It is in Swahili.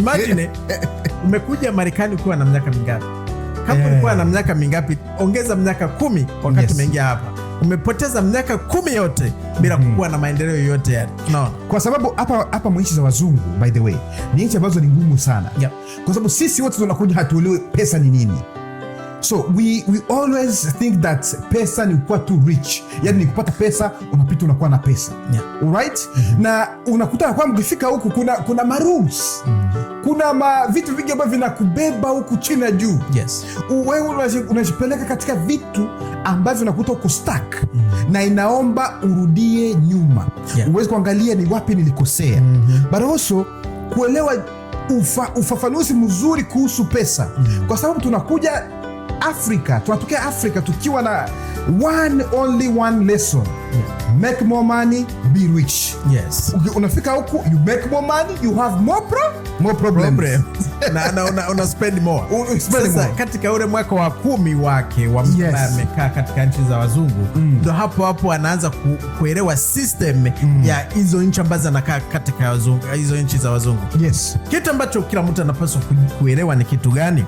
Imagine umekuja Marekani ukiwa na miaka mingapi? Kama eh. ulikuwa na miaka mingapi, ongeza miaka kumi wakati umeingia hapa umepoteza miaka kumi yote bila mm -hmm. kukuwa na maendeleo yoyote yale, no. Kwa sababu hapa hapa za wazungu by the way ni nchi ambazo ni ngumu sana yep. Kwa sababu sisi wote tunakuja hatuelewe pesa ni nini, so we, we always think that pesa ni kuwa too rich, yani ni kupata pesa, unapita unakuwa na pesa yep. right Mm -hmm. na unakuta kwamba ukifika huku kuna, kuna marules mm -hmm kuna ma, vitu vingi ambavyo vinakubeba huku chini na juu. Yes. Wewe unajipeleka katika vitu ambavyo unakuta uko stuck mm na inaomba urudie nyuma yeah. Uwezi kuangalia ni wapi nilikosea mm -hmm. but kuelewa ufa, ufafanuzi mzuri kuhusu pesa mm -hmm. kwa sababu tunakuja Afrika, tunatokea Afrika tukiwa na one only one lesson yeah. make more money be rich. Yes. Unafika huku you make more money, you have more pro, more problems. Problem. na, na una, una spend more. U, spend Sasa, more. Katika ule mwaka wa kumi wake wa mtu yes. amekaa katika nchi za wazungu mm. ndo mm. hapo hapo anaanza ku, kuelewa system mm. ya hizo nchi ambazo anakaa katika hizo nchi za wazungu. Yes. Kitu ambacho kila mtu anapaswa kuelewa ni kitu gani?